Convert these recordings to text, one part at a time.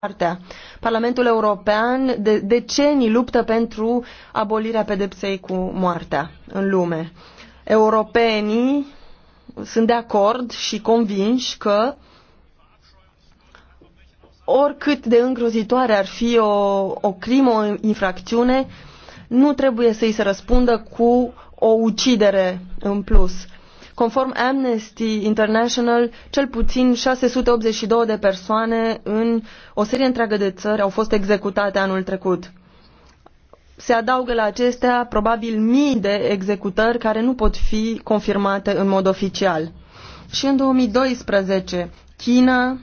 partea. Parlamentul European de decenii luptă pentru abolirea pedepsei cu moartea în lume. Europenii sunt de acord și convinși că oricât de îngrozitoare ar fi o, o crimă, o infracțiune, nu trebuie să îi se răspundă cu o ucidere în plus Conform Amnesty International, cel puțin 682 de persoane în o serie întreagă de țări au fost executate anul trecut. Se adaugă la acestea probabil mii de executări care nu pot fi confirmate în mod oficial. Și în 2012, China,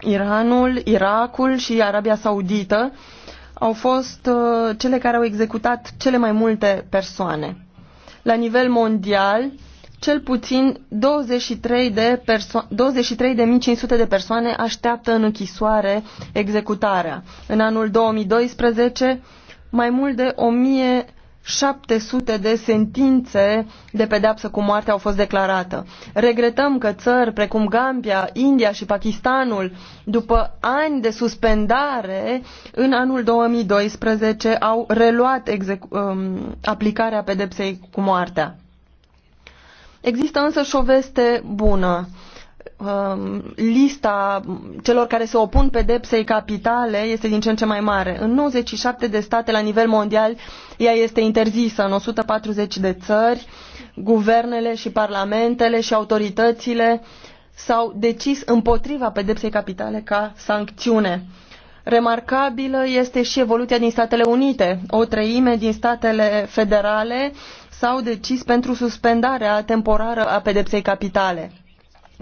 Iranul, Irakul și Arabia Saudită au fost uh, cele care au executat cele mai multe persoane. La nivel mondial, cel puțin 23.500 de, perso- 23 de, de persoane așteaptă în închisoare executarea. În anul 2012, mai mult de 1700 de sentințe de pedeapsă cu moarte au fost declarată. Regretăm că țări precum Gambia, India și Pakistanul, după ani de suspendare, în anul 2012 au reluat um, aplicarea pedepsei cu moartea Există însă și o veste bună. Um, lista celor care se opun pedepsei capitale este din ce în ce mai mare. În 97 de state la nivel mondial ea este interzisă, în 140 de țări, guvernele și parlamentele și autoritățile s-au decis împotriva pedepsei capitale ca sancțiune. Remarcabilă este și evoluția din Statele Unite. O treime din statele federale s-au decis pentru suspendarea temporară a pedepsei capitale.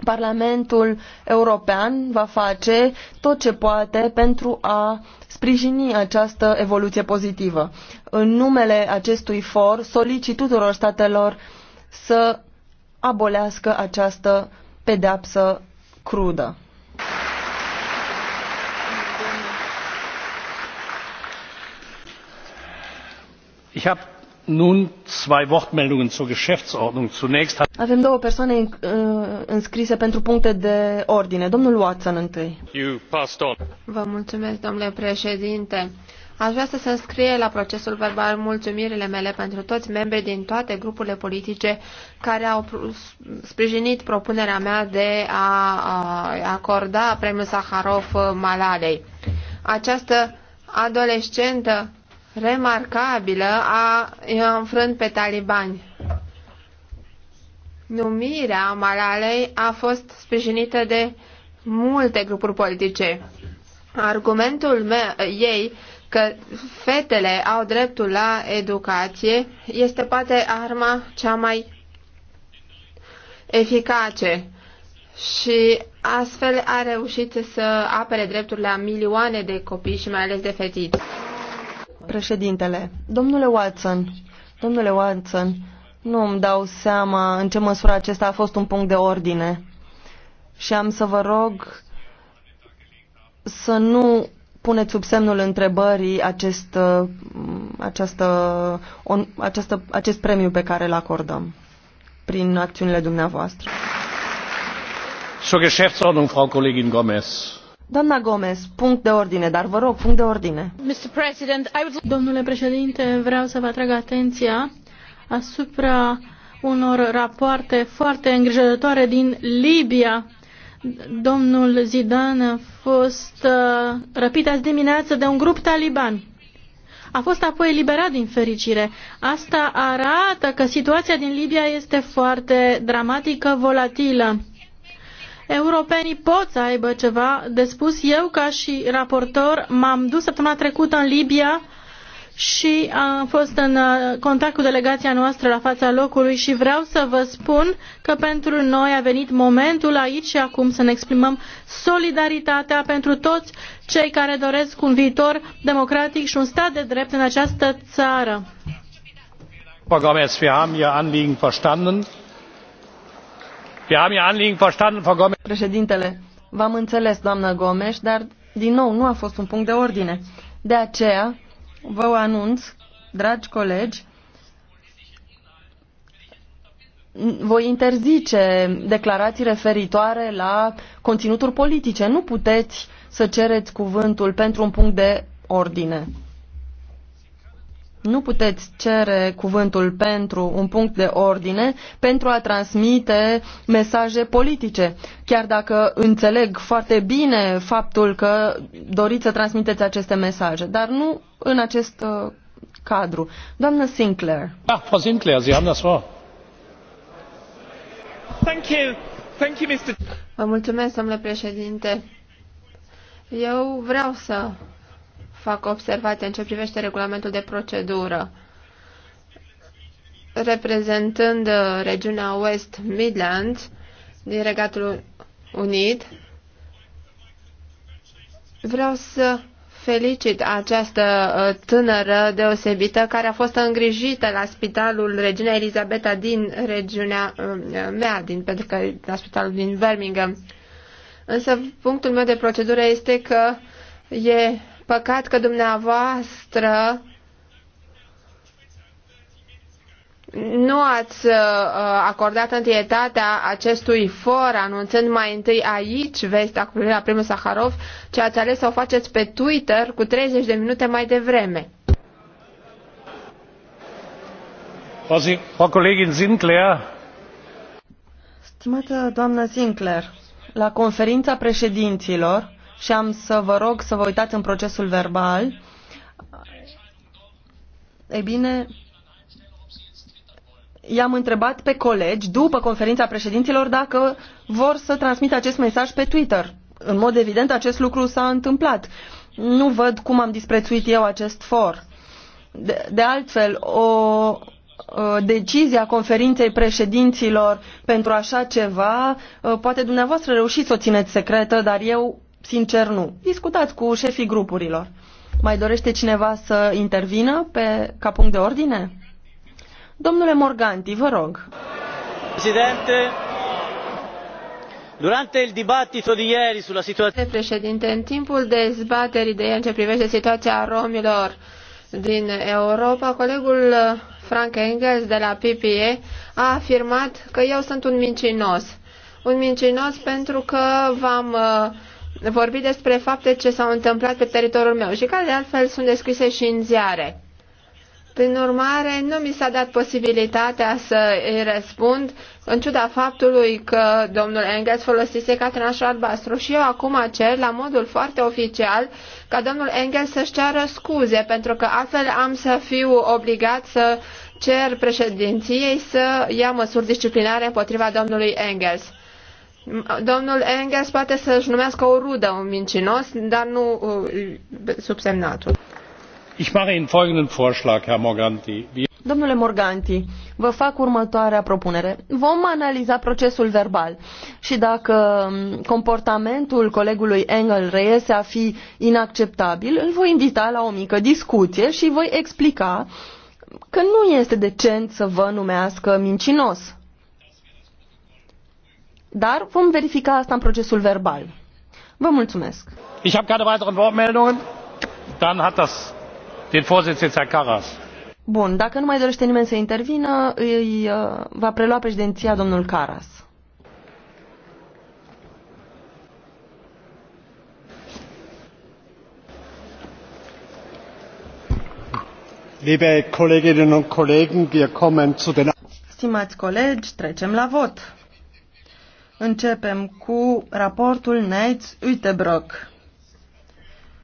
Parlamentul European va face tot ce poate pentru a sprijini această evoluție pozitivă. În numele acestui for solicit tuturor statelor să abolească această pedeapsă crudă. Ich habe avem două persoane înscrise pentru puncte de ordine. Domnul Watson întâi. Vă mulțumesc, domnule președinte. Aș vrea să se înscrie la procesul verbal mulțumirile mele pentru toți membrii din toate grupurile politice care au sprijinit propunerea mea de a, acorda premiul Saharov uh, Malalei. Această adolescentă remarcabilă a înfrânt pe talibani. Numirea Malalei a fost sprijinită de multe grupuri politice. Argumentul meu, ei că fetele au dreptul la educație este poate arma cea mai eficace și astfel a reușit să apere drepturile a milioane de copii și mai ales de fetițe. Președintele, domnule Watson, domnule Watson, nu îmi dau seama în ce măsură acesta a fost un punct de ordine și am să vă rog să nu puneți sub semnul întrebării acest, uh, această, on, această, acest premiu pe care îl acordăm prin acțiunile dumneavoastră. Zur Geschäftsordnung, Frau Kollegin Gomez Doamna Gomez, punct de ordine, dar vă rog, punct de ordine. Domnule președinte, vreau să vă atrag atenția asupra unor rapoarte foarte îngrijorătoare din Libia. Domnul Zidane a fost uh, răpit azi dimineață de un grup taliban. A fost apoi eliberat din fericire. Asta arată că situația din Libia este foarte dramatică, volatilă europenii pot să aibă ceva de spus. Eu, ca și raportor, m-am dus săptămâna trecută în Libia și am fost în uh, contact cu delegația noastră la fața locului și vreau să vă spun că pentru noi a venit momentul aici și acum să ne exprimăm solidaritatea pentru toți cei care doresc un viitor democratic și un stat de drept în această țară. Frau Gomez, wir haben Ihr Anliegen verstanden. Președintele, v-am înțeles, doamnă Gomes, dar din nou nu a fost un punct de ordine. De aceea vă anunț, dragi colegi, voi interzice declarații referitoare la conținuturi politice. Nu puteți să cereți cuvântul pentru un punct de ordine. Nu puteți cere cuvântul pentru un punct de ordine pentru a transmite mesaje politice. Chiar dacă înțeleg foarte bine faptul că doriți să transmiteți aceste mesaje, dar nu în acest uh, cadru. Doamnă Sinclair. Da, Frau Sinclair, Sie haben das Wort. Thank you. Thank you, Mr. Vă mulțumesc, domnule președinte. Eu vreau să fac observații în ce privește regulamentul de procedură. Reprezentând uh, regiunea West Midlands din Regatul Unit, vreau să felicit această uh, tânără deosebită care a fost îngrijită la spitalul Regina Elizabeta din regiunea uh, mea, din, pentru că la spitalul din Birmingham. Însă punctul meu de procedură este că e Păcat că dumneavoastră nu ați uh, acordat întâietatea acestui for, anunțând mai întâi aici vestea cu la primul Saharov, ce ați ales să o faceți pe Twitter cu 30 de minute mai devreme. Frau Kollegin Sinclair. Stimată doamnă Sinclair, la conferința președinților, și am să vă rog să vă uitați în procesul verbal. Ei bine, i-am întrebat pe colegi, după conferința președinților, dacă vor să transmită acest mesaj pe Twitter. În mod evident, acest lucru s-a întâmplat. Nu văd cum am disprețuit eu acest for. De, de altfel, o decizia conferinței președinților pentru așa ceva, poate dumneavoastră reușiți să o țineți secretă, dar eu sincer, nu. Discutați cu șefii grupurilor. Mai dorește cineva să intervină pe, ca punct de ordine? Domnule Morganti, vă rog. Presidente, Durante il dibattito di ieri sulla situazione... Președinte, în timpul dezbaterii de ieri în ce privește situația romilor din Europa, colegul Frank Engels de la PPE a afirmat că eu sunt un mincinos. Un mincinos pentru că v-am uh, vorbi despre fapte ce s-au întâmplat pe teritoriul meu și care de altfel sunt descrise și în ziare. Prin urmare, nu mi s-a dat posibilitatea să îi răspund, în ciuda faptului că domnul Engels folosise catenașul albastru și eu acum cer, la modul foarte oficial, ca domnul Engels să-și ceară scuze, pentru că altfel am să fiu obligat să cer președinției să ia măsuri disciplinare împotriva domnului Engels. Domnul Engels poate să-și numească o rudă un mincinos, dar nu uh, subsemnatul. Ich mache Ihnen folgenden Vorschlag, Herr Morganti. Domnule Morganti, vă fac următoarea propunere. Vom analiza procesul verbal și dacă um, comportamentul colegului Engel reiese a fi inacceptabil, îl voi invita la o mică discuție și voi explica că nu este decent să vă numească mincinos. Dar vom verifica asta în procesul verbal. Vă mulțumesc. Ich habe keine weiteren Wortmeldungen. Dann hat das den Vorsitz jetzt Herr Karas. Bun, dacă nu mai dorește nimeni să intervină, îi uh, va prelua președinția domnul Caras. Liebe Kolleginnen und Kollegen, wir kommen zu den Stimați colegi, trecem la vot. Începem cu raportul Neitz Uitebrock.